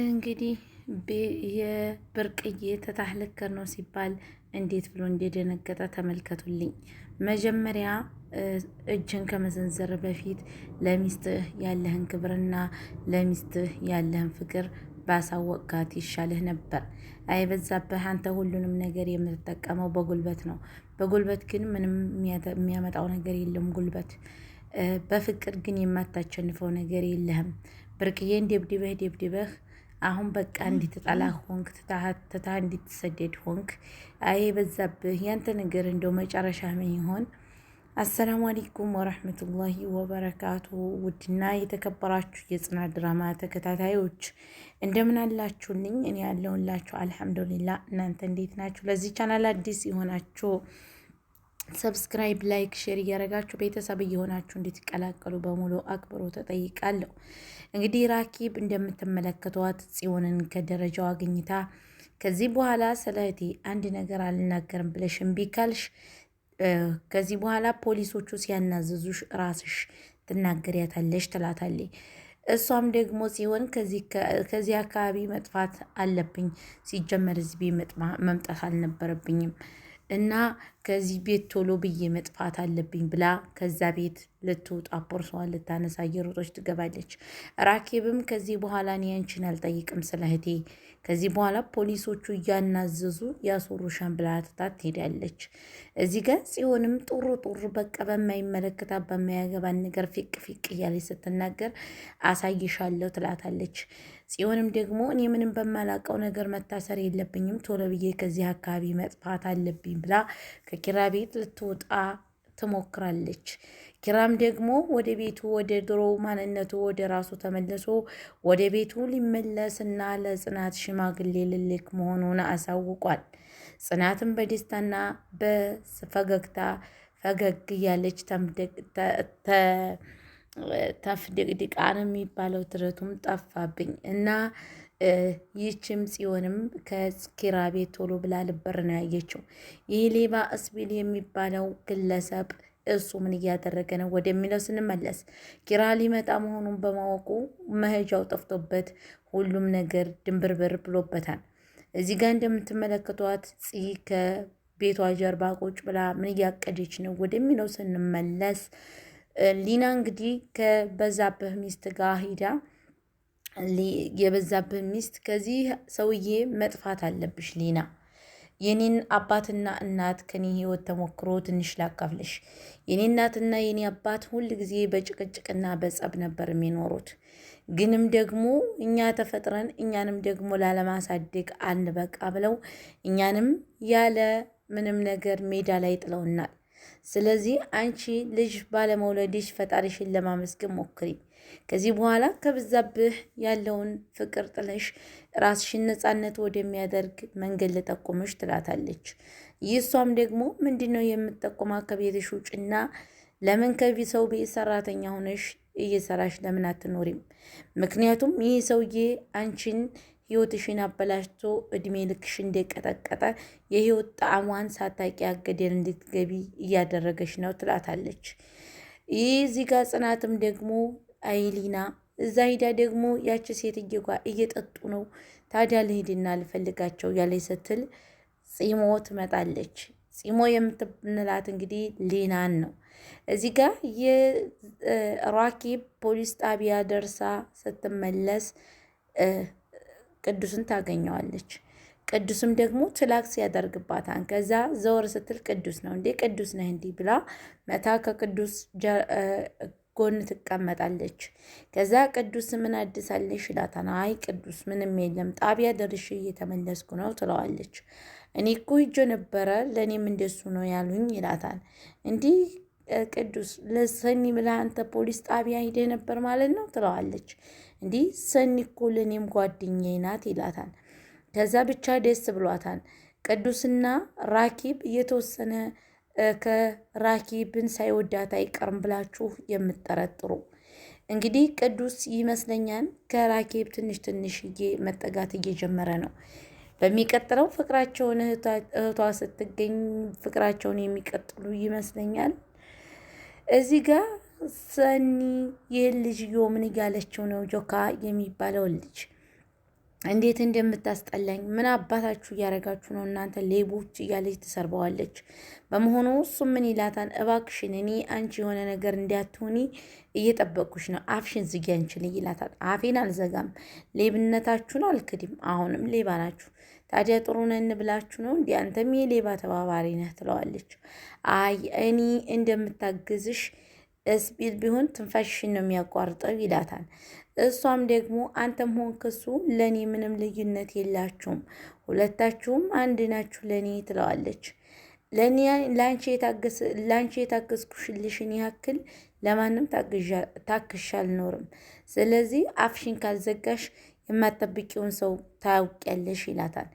እንግዲህ የብርቅዬ ተታህለከር ነው ሲባል እንዴት ብሎ እንደደነገጠ ተመልከቱልኝ። መጀመሪያ እጅን ከመሰንዘር በፊት ለሚስትህ ያለህን ክብርና ለሚስትህ ያለህን ፍቅር ባሳወቅካት ይሻልህ ነበር። አይ አንተ ሁሉንም ነገር የምትጠቀመው በጉልበት ነው። በጉልበት ግን ምንም የሚያመጣው ነገር የለም ጉልበት። በፍቅር ግን የማታቸንፈው ነገር የለህም። ብርቅዬን ደብድበህ ደብድበህ አሁን በቃ እንዲትጠላ ሆንክ፣ ትታ እንዲትሰደድ ሆንክ። አይ በዛብ ያንተ ነገር እንደው መጨረሻ ምን ይሆን? አሰላሙ አለይኩም ወረህመቱላሂ ወበረካቱ። ውድና የተከበራችሁ የጽናት ድራማ ተከታታዮች እንደምን አላችሁልኝ? እኔ ያለውላችሁ አልሐምዱሊላ። እናንተ እንዴት ናችሁ? ለዚህ ቻናል አዲስ የሆናችሁ ሰብስክራይብ፣ ላይክ፣ ሼር እያደረጋችሁ ቤተሰብ እየሆናችሁ እንድትቀላቀሉ በሙሉ አክብሮ ተጠይቃለሁ። እንግዲህ ራኪብ እንደምትመለከቷት ጽዮንን ከደረጃው አግኝታ ከዚህ በኋላ ስለ እህቴ አንድ ነገር አልናገርም ብለሽ እምቢ ካልሽ ከዚህ በኋላ ፖሊሶቹ ሲያናዝዙሽ ራስሽ ትናገሪያታለሽ ትላታለች። እሷም ደግሞ ሲሆን ከዚህ አካባቢ መጥፋት አለብኝ፣ ሲጀመር እዚህ መምጣት አልነበረብኝም እና ከዚህ ቤት ቶሎ ብዬ መጥፋት አለብኝ ብላ ከዛ ቤት ልትወጣ ቦርሳዋን ልታነሳ እየሮጠች ትገባለች። ራኬብም ከዚህ በኋላ እኔ አንቺን አልጠይቅም ስለ እህቴ፣ ከዚህ በኋላ ፖሊሶቹ እያናዘዙ ያስሩሻን ብላ ትታት ትሄዳለች። እዚህ ጋር ጽዮንም ጡር ጡር በቃ በማይመለከታት በማያገባን ነገር ፊቅ ፊቅ እያለች ስትናገር አሳይሻለሁ ትላታለች። ጽዮንም ደግሞ እኔ ምንም በማላቀው ነገር መታሰር የለብኝም ቶሎ ብዬ ከዚህ አካባቢ መጥፋት አለብኝ ብላ ከኪራ ቤት ልትወጣ ትሞክራለች። ኪራም ደግሞ ወደ ቤቱ ወደ ድሮ ማንነቱ ወደ ራሱ ተመልሶ ወደ ቤቱ ሊመለስና ለጽናት ሽማግሌ ልልክ መሆኑን አሳውቋል። ጽናትም በደስታና በፈገግታ ፈገግ እያለች ተ። ተፍ ድቅድቃን የሚባለው ትረቱም ጠፋብኝ እና ይህችም ጽዮንም ከኪራ ቤት ቶሎ ብላ ልበር ነው ያየችው። ይህ ሌባ እስቢል የሚባለው ግለሰብ እሱ ምን እያደረገ ነው ወደሚለው ስንመለስ ኪራ ሊመጣ መሆኑን በማወቁ መሄጃው ጠፍቶበት ሁሉም ነገር ድንብርብር ብሎበታል። እዚህ ጋር እንደምትመለከቷት ጽይ ከቤቷ ጀርባ ቁጭ ብላ ምን እያቀደች ነው ወደሚለው ስንመለስ ሊና እንግዲህ ከበዛብህ ሚስት ጋር ሂዳ የበዛብህ ሚስት ከዚህ ሰውዬ መጥፋት አለብሽ ሊና የኔን አባትና እናት ከኔ ህይወት ተሞክሮ ትንሽ ላካፍልሽ። የኔ እናትና የኔ አባት ሁል ጊዜ በጭቅጭቅና በጸብ ነበር የሚኖሩት። ግንም ደግሞ እኛ ተፈጥረን እኛንም ደግሞ ላለማሳደግ አንበቃ ብለው እኛንም ያለ ምንም ነገር ሜዳ ላይ ጥለውናል። ስለዚህ አንቺ ልጅ ባለመውለድሽ ፈጣሪሽን ለማመስገን ሞክሪ። ከዚህ በኋላ ከበዛብህ ያለውን ፍቅር ጥለሽ ራስሽን ነፃነት ወደሚያደርግ መንገድ ልጠቁምሽ ትላታለች። ይሷም ደግሞ ምንድን ነው የምትጠቁማ? ከቤትሽ ውጭና ለምን ከዚህ ሰው ቤት ሰራተኛ ሆነሽ እየሰራሽ ለምን አትኖሪም? ምክንያቱም ይህ ሰውዬ አንቺን ህይወትሽን አበላሽቶ እድሜ ልክሽ እንደቀጠቀጠ የህይወት ጣዕሟን ሳታቂ አገደል እንድትገቢ እያደረገች ነው ትላታለች። ይህ እዚህ ጋር ጽናትም ደግሞ አይሊና እዛ ሂዳ ደግሞ ያቺ ሴት ጋ እየጠጡ ነው ታዲያ ልሂድና ልፈልጋቸው ያለች ስትል ፂሞ ትመጣለች። ጺሞ የምትንላት እንግዲህ ሊናን ነው። እዚህ ጋር የራኪብ ፖሊስ ጣቢያ ደርሳ ስትመለስ ቅዱስን ታገኘዋለች። ቅዱስም ደግሞ ትላክስ ያደርግባታል። ከዛ ዘወር ስትል ቅዱስ ነው እንዴ ቅዱስ ነህ እንዲህ ብላ መታ ከቅዱስ ጎን ትቀመጣለች። ከዛ ቅዱስ ምን አድሳለሽ ይላታል። አይ ቅዱስ ምንም የለም ጣቢያ ደርሼ እየተመለስኩ ነው ትለዋለች። እኔ እኮ ሂጄ ነበረ ለእኔም እንደሱ ነው ያሉኝ ይላታል። እንዲህ ቅዱስ ለሰኒ ብላ አንተ ፖሊስ ጣቢያ ሂደ ነበር ማለት ነው ትለዋለች። እንዲህ ሰኒ እኮ ለእኔም ጓደኛዬ ናት ይላታል። ከዛ ብቻ ደስ ብሏታል። ቅዱስና ራኪብ የተወሰነ ከራኪብን ሳይወዳት አይቀርም ብላችሁ የምጠረጥሩ እንግዲህ ቅዱስ ይመስለኛል ከራኪብ ትንሽ ትንሽዬ መጠጋት እየጀመረ ነው። በሚቀጥለው ፍቅራቸውን እህቷ ስትገኝ ፍቅራቸውን የሚቀጥሉ ይመስለኛል እዚህ ጋር ሰኒ ይህን ልጅዮ ምን እያለችው ነው? ጆካ የሚባለው ልጅ እንዴት እንደምታስጠላኝ ምን አባታችሁ እያረጋችሁ ነው እናንተ ሌቦች እያለች ትሰርበዋለች። በመሆኑ እሱ ምን ይላታል? እባክሽን እኔ አንቺ የሆነ ነገር እንዲያትሆኒ እየጠበቅኩሽ ነው፣ አፍሽን ዝጊ አንችል ይላታል። አፌን አልዘጋም፣ ሌብነታችሁን አልክድም፣ አሁንም ሌባ ናችሁ። ታዲያ ጥሩ ነን ብላችሁ ነው እንዲ? አንተም የሌባ ተባባሪ ነህ ትለዋለች። አይ እኔ እንደምታግዝሽ ስፒድ ቢሆን ትንፋሽሽን ነው የሚያቋርጠው ይላታል። እሷም ደግሞ አንተም ሆንክ እሱ ለእኔ ምንም ልዩነት የላችሁም፣ ሁለታችሁም አንድ ናችሁ ለእኔ ትለዋለች። ለአንቺ የታገስኩሽልሽን ያክል ለማንም ታክሽ አልኖርም። ስለዚህ አፍሽን ካልዘጋሽ የማጠብቂውን ሰው ታውቂያለሽ ይላታል።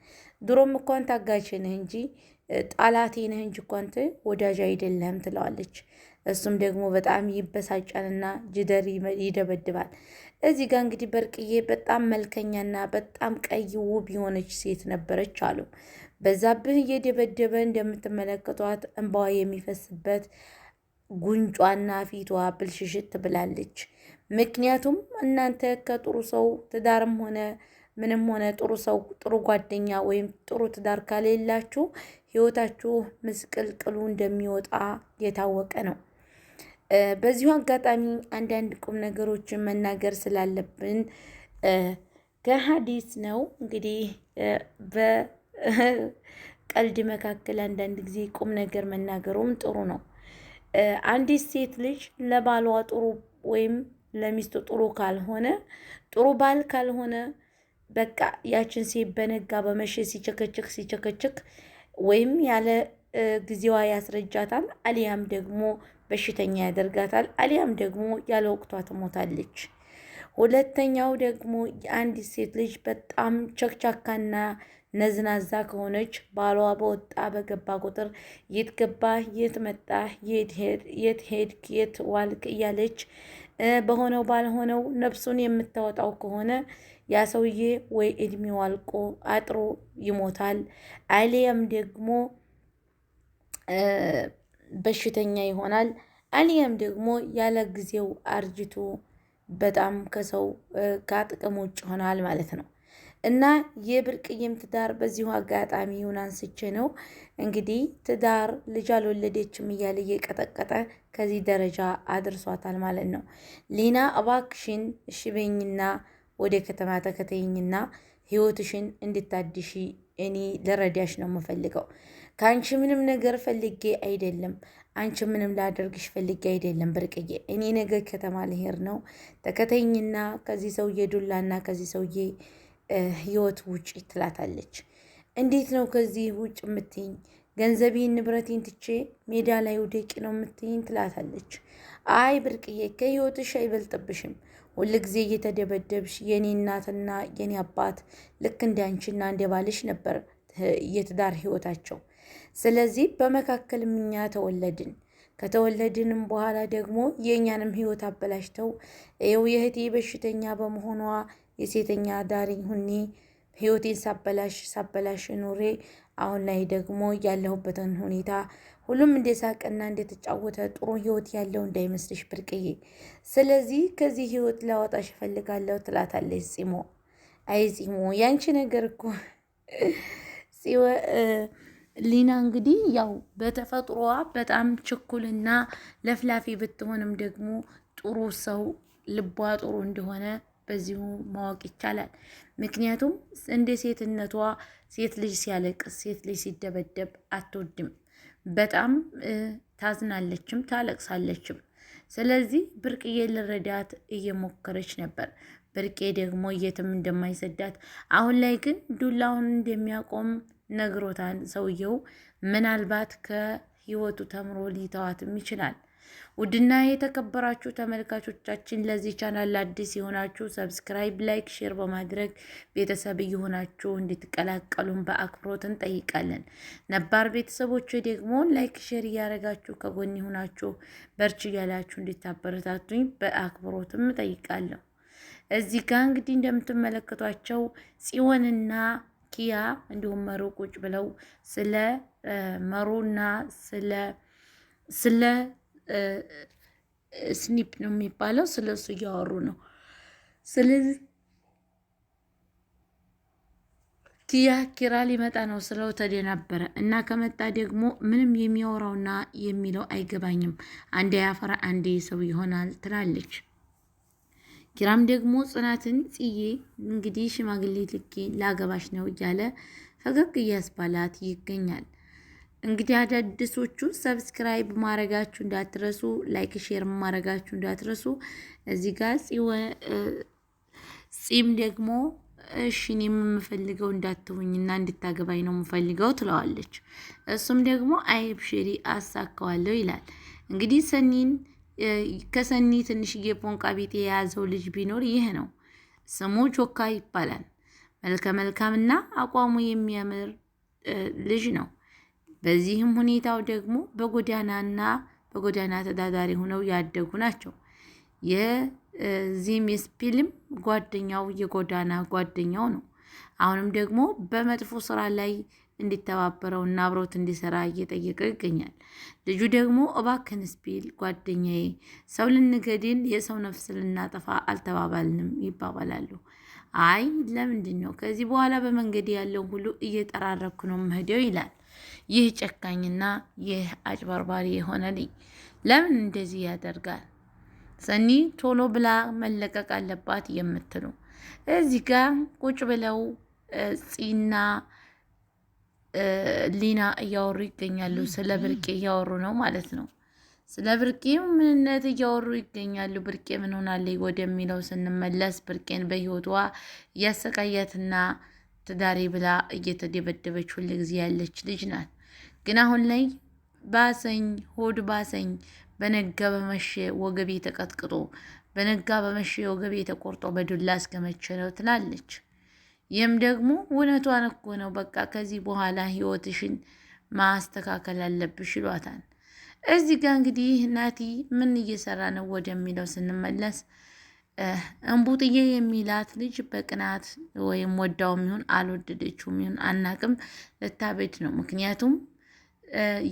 ድሮም እኳን ነህ እንጂ ጠላቴ ነህ እንጂ እኮ አንተ ወዳጅ አይደለም ትለዋለች። እሱም ደግሞ በጣም ይበሳጫልና ጅደር ይደበድባል። እዚህ ጋር እንግዲህ በርቅዬ በጣም መልከኛና በጣም ቀይ ውብ የሆነች ሴት ነበረች አሉ። በዛብህ እየደበደበ እንደምትመለከቷት እንባዋ የሚፈስበት ጉንጯና ፊቷ ብልሽሽት ብላለች። ምክንያቱም እናንተ ከጥሩ ሰው ትዳርም ሆነ ምንም ሆነ ጥሩ ሰው ጥሩ ጓደኛ ወይም ጥሩ ትዳር ካሌላችሁ ህይወታችሁ ምስቅልቅሉ እንደሚወጣ የታወቀ ነው። በዚሁ አጋጣሚ አንዳንድ ቁም ነገሮችን መናገር ስላለብን ከሀዲስ ነው እንግዲህ በቀልድ መካከል አንዳንድ ጊዜ ቁም ነገር መናገሩም ጥሩ ነው። አንዲት ሴት ልጅ ለባሏ ጥሩ ወይም ለሚስቱ ጥሩ ካልሆነ ጥሩ ባል ካልሆነ በቃ ያችን ሴት በነጋ በመሸ ሲቸከችክ ሲቸከችክ ወይም ያለ ጊዜዋ ያስረጃታል፣ አሊያም ደግሞ በሽተኛ ያደርጋታል፣ አሊያም ደግሞ ያለ ወቅቷ ትሞታለች። ሁለተኛው ደግሞ የአንዲት ሴት ልጅ በጣም ቸክቻካና ነዝናዛ ከሆነች ባሏ በወጣ በገባ ቁጥር የት ገባ፣ የት መጣ፣ የት ሄድክ፣ የት ዋልክ እያለች በሆነው ባልሆነው ነፍሱን የምታወጣው ከሆነ ያ ሰውዬ ወይ እድሜው አልቆ አጥሮ ይሞታል፣ አሊያም ደግሞ በሽተኛ ይሆናል፣ አሊያም ደግሞ ያለ ጊዜው አርጅቶ በጣም ከሰው ከጥቅም ውጭ ይሆናል ማለት ነው። እና የብርቅዬም ትዳር በዚሁ አጋጣሚ ይሁን አንስቼ ነው እንግዲህ ትዳር ልጅ አልወለደችም እያለ እየቀጠቀጠ ከዚህ ደረጃ አድርሷታል ማለት ነው። ሊና እባክሽን እሺ በይኝና ወደ ከተማ ተከተይኝና ህይወትሽን እንድታድሺ እኔ ልረዳሽ ነው የምፈልገው። ከአንቺ ምንም ነገር ፈልጌ አይደለም። አንቺ ምንም ላደርግሽ ፈልጌ አይደለም ብርቅዬ። እኔ ነገ ከተማ ልሄድ ነው። ተከተይኝና ከዚህ ሰውዬ ዱላና ከዚህ ሰውዬ ህይወት ውጭ ትላታለች። እንዴት ነው ከዚህ ውጭ የምትይኝ? ገንዘቤን ንብረቴን ትቼ ሜዳ ላይ ውደቂ ነው የምትይኝ? ትላታለች። አይ ብርቅዬ ከህይወትሽ አይበልጥብሽም። ሁልጊዜ እየተደበደብሽ የኔ እናትና የኔ አባት ልክ እንደ አንቺና እንደ ባልሽ ነበር የትዳር ህይወታቸው። ስለዚህ በመካከል እኛ ተወለድን። ከተወለድንም በኋላ ደግሞ የእኛንም ህይወት አበላሽተው ይኸው የእህቴ በሽተኛ በመሆኗ የሴተኛ ዳሪ ሁኔ ህይወቴን ሳበላሽ ሳበላሽ ኖሬ አሁን ላይ ደግሞ ያለሁበትን ሁኔታ ሁሉም እንደሳቀና እንደተጫወተ ጥሩ ህይወት ያለው እንዳይመስልሽ ብርቅዬ። ስለዚህ ከዚህ ህይወት ላወጣሽ እፈልጋለሁ ትላታለች ጺሞ። አይ ጺሞ፣ ያንቺ ነገር እኮ ሊና እንግዲህ ያው በተፈጥሮዋ በጣም ችኩልና ለፍላፊ ብትሆንም ደግሞ ጥሩ ሰው ልቧ ጥሩ እንደሆነ በዚሁ ማወቅ ይቻላል። ምክንያቱም እንደ ሴትነቷ ሴት ልጅ ሲያለቅስ፣ ሴት ልጅ ሲደበደብ አትወድም። በጣም ታዝናለችም ታለቅሳለችም። ስለዚህ ብርቅዬ ልረዳት እየሞከረች ነበር። ብርቄ ደግሞ የትም እንደማይሰዳት አሁን ላይ ግን ዱላውን እንደሚያቆም ነግሮታል ሰውየው። ምናልባት ከህይወቱ ተምሮ ሊተዋትም ይችላል። ውድና የተከበራችሁ ተመልካቾቻችን ለዚህ ቻናል አዲስ የሆናችሁ ሰብስክራይብ፣ ላይክ፣ ሼር በማድረግ ቤተሰብ እየሆናችሁ እንድትቀላቀሉን በአክብሮት እንጠይቃለን። ነባር ቤተሰቦች ደግሞ ላይክ፣ ሼር እያደረጋችሁ ከጎን የሆናችሁ በርች እያላችሁ እንድታበረታቱኝ በአክብሮትም እጠይቃለሁ። እዚህ ጋር እንግዲህ እንደምትመለከቷቸው ጽዮንና ኪያ እንዲሁም መሩ ቁጭ ብለው ስለ መሩና ስለ ስኒፕ ነው የሚባለው። ስለሱ እያወሩ ነው። ስለዚህ ኪያ ኪራ ሊመጣ ነው ስለው ነበረ እና ከመጣ ደግሞ ምንም የሚያወራውና የሚለው አይገባኝም፣ አንዴ ያፈራ አንዴ ሰው ይሆናል ትላለች። ኪራም ደግሞ ጽናትን ጽዬ እንግዲህ ሽማግሌ ልኬ ላገባሽ ነው እያለ ፈገግ እያስባላት ይገኛል። እንግዲህ አዳዲሶቹ ሰብስክራይብ ማድረጋችሁ እንዳትረሱ፣ ላይክ ሼር ማድረጋችሁ እንዳትረሱ። እዚህ ጋር ጺም ደግሞ እሺ እኔ የምፈልገው እንዳትሁኝና እንድታገባኝ ነው የምፈልገው ትለዋለች። እሱም ደግሞ አይብ ሽሪ አሳካዋለሁ ይላል። እንግዲህ ሰኒን ከሰኒ ትንሽ የፖንቃ ቤት የያዘው ልጅ ቢኖር ይህ ነው። ስሙ ቾካ ይባላል። መልከ መልካምና አቋሙ የሚያምር ልጅ ነው። በዚህም ሁኔታው ደግሞ በጎዳናና በጎዳና ተዳዳሪ ሆነው ያደጉ ናቸው። የዚህም ፊልም ጓደኛው የጎዳና ጓደኛው ነው። አሁንም ደግሞ በመጥፎ ስራ ላይ እንዲተባበረው እና አብሮት እንዲሰራ እየጠየቀ ይገኛል። ልጁ ደግሞ እባክን ስፒል ጓደኛዬ፣ ሰው ልንገድል የሰው ነፍስ ልናጠፋ አልተባባልንም ይባባላሉ። አይ ለምንድን ነው ከዚህ በኋላ በመንገድ ያለውን ሁሉ እየጠራረኩ ነው መሄደው ይላል። ይህ ጨካኝና ይህ አጭበርባሪ የሆነ ልጅ ለምን እንደዚህ ያደርጋል? ሰኒ ቶሎ ብላ መለቀቅ አለባት የምትሉ እዚህ ጋር ቁጭ ብለው ፂና ሊና እያወሩ ይገኛሉ። ስለ ብርቄ እያወሩ ነው ማለት ነው። ስለ ብርቄ ምንነት እያወሩ ይገኛሉ። ብርቄ ምን ሆናለች ወደሚለው ስንመለስ ብርቄን በህይወቷ እያሰቃያትና ትዳሬ ብላ እየተደበደበች ጊዜ ያለች ልጅ ናት። ግን አሁን ላይ ባሰኝ ሆድ ባሰኝ፣ በነጋ በመሸ ወገቤ ተቀጥቅጦ፣ በነጋ በመሸ ወገቤ ተቆርጦ በዱላ እስከመቼ ነው ትላለች። ይህም ደግሞ እውነቷን እኮ ነው። በቃ ከዚህ በኋላ ህይወትሽን ማስተካከል አለብሽ ይሏታል። እዚህ ጋር እንግዲህ ናቲ ምን እየሰራ ነው ወደሚለው ስንመለስ እንቡጥዬ የሚላት ልጅ በቅናት ወይም ወዳው ይሁን አልወደደችው ይሁን አናቅም ልታቤት ነው ምክንያቱም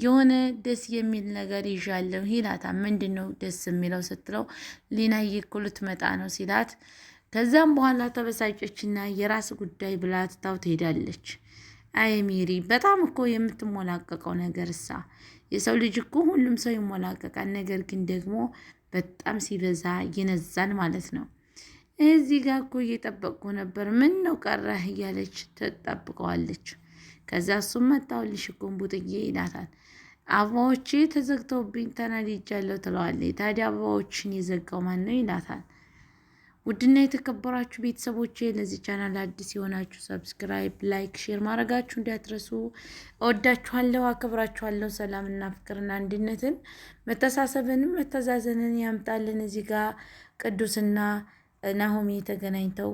የሆነ ደስ የሚል ነገር ይዣለሁ ይላታ። ምንድን ነው ደስ የሚለው ስትለው ሊና እየኩሉት መጣ ነው ሲላት፣ ከዛም በኋላ ተበሳጨችና የራስ ጉዳይ ብላ ትታው ትሄዳለች። አይ ሚሪ በጣም እኮ የምትሞላቀቀው ነገር እሳ የሰው ልጅ እኮ ሁሉም ሰው ይሞላቀቃል። ነገር ግን ደግሞ በጣም ሲበዛ ይነዛል ማለት ነው። እዚህ ጋር እኮ እየጠበቅኩ ነበር፣ ምን ነው ቀረህ እያለች ትጠብቀዋለች። ከዛ እሱም መጣሁልሽ እኮ ይላታል። አበባዎቼ ተዘግተውብኝ ተናድጃለሁ ትለዋለች። ታዲያ አበባዎችን የዘጋው ማን ነው ይላታል። ውድና የተከበራችሁ ቤተሰቦች ለዚህ ቻናል አዲስ የሆናችሁ ሰብስክራይብ፣ ላይክ፣ ሼር ማድረጋችሁ እንዲያትረሱ። እወዳችኋለሁ፣ አከብራችኋለሁ። ሰላምና ፍቅርና አንድነትን መተሳሰብንም መተዛዘንን ያምጣልን። እዚህ ጋር ቅዱስና ናሆሚ ተገናኝተው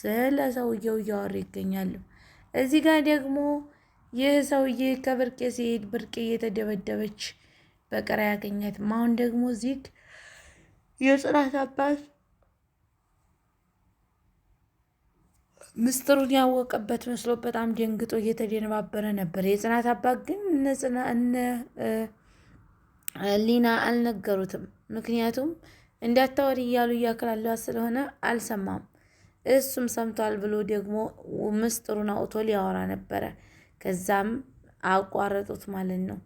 ስለ ሰውየው እያወሩ ይገኛሉ። እዚህ ጋር ደግሞ ይህ ሰውዬ ከብርቄ ሲሄድ ብርቄ እየተደበደበች በቀራ ያገኛት ማሁን ደግሞ እዚህ የጽናት አባት ምስጢሩን ያወቀበት መስሎ በጣም ደንግጦ እየተደነባበረ ነበር። የጽናት አባት ግን እነ ሊና አልነገሩትም። ምክንያቱም እንዳታወሪ እያሉ እያክላሏት ስለሆነ አልሰማም። እሱም ሰምቷል ብሎ ደግሞ ምስጢሩን አውቶ ሊያወራ ነበረ። ከዛም አቋረጡት ማለት ነው።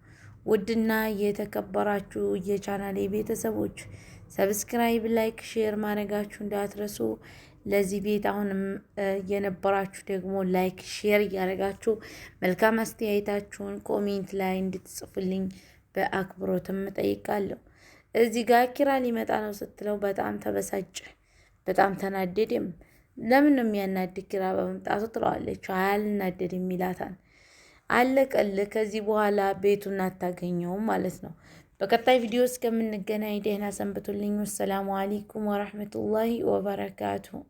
ውድና የተከበራችሁ የቻናሌ ቤተሰቦች ሰብስክራይብ፣ ላይክ፣ ሼር ማድረጋችሁ እንዳትረሱ። ለዚህ ቤት አሁንም የነበራችሁ ደግሞ ላይክ፣ ሼር እያደረጋችሁ መልካም አስተያየታችሁን ኮሜንት ላይ እንድትጽፉልኝ በአክብሮትም እጠይቃለሁ። እዚህ ጋር ኪራ ሊመጣ ነው ስትለው በጣም ተበሳጨ፣ በጣም ተናደደም። ለምን ነው የሚያናድድ ግራ በመምጣቱ ትለዋለች። አያልናደድ የሚላታል አለቀል። ከዚህ በኋላ ቤቱን አታገኘውም ማለት ነው። በቀጣይ ቪዲዮ እስከምንገናኝ ደህና ሰንብቱልኝ። ወሰላሙ አለይኩም ወረሕመቱላሂ ወበረካቱሁ።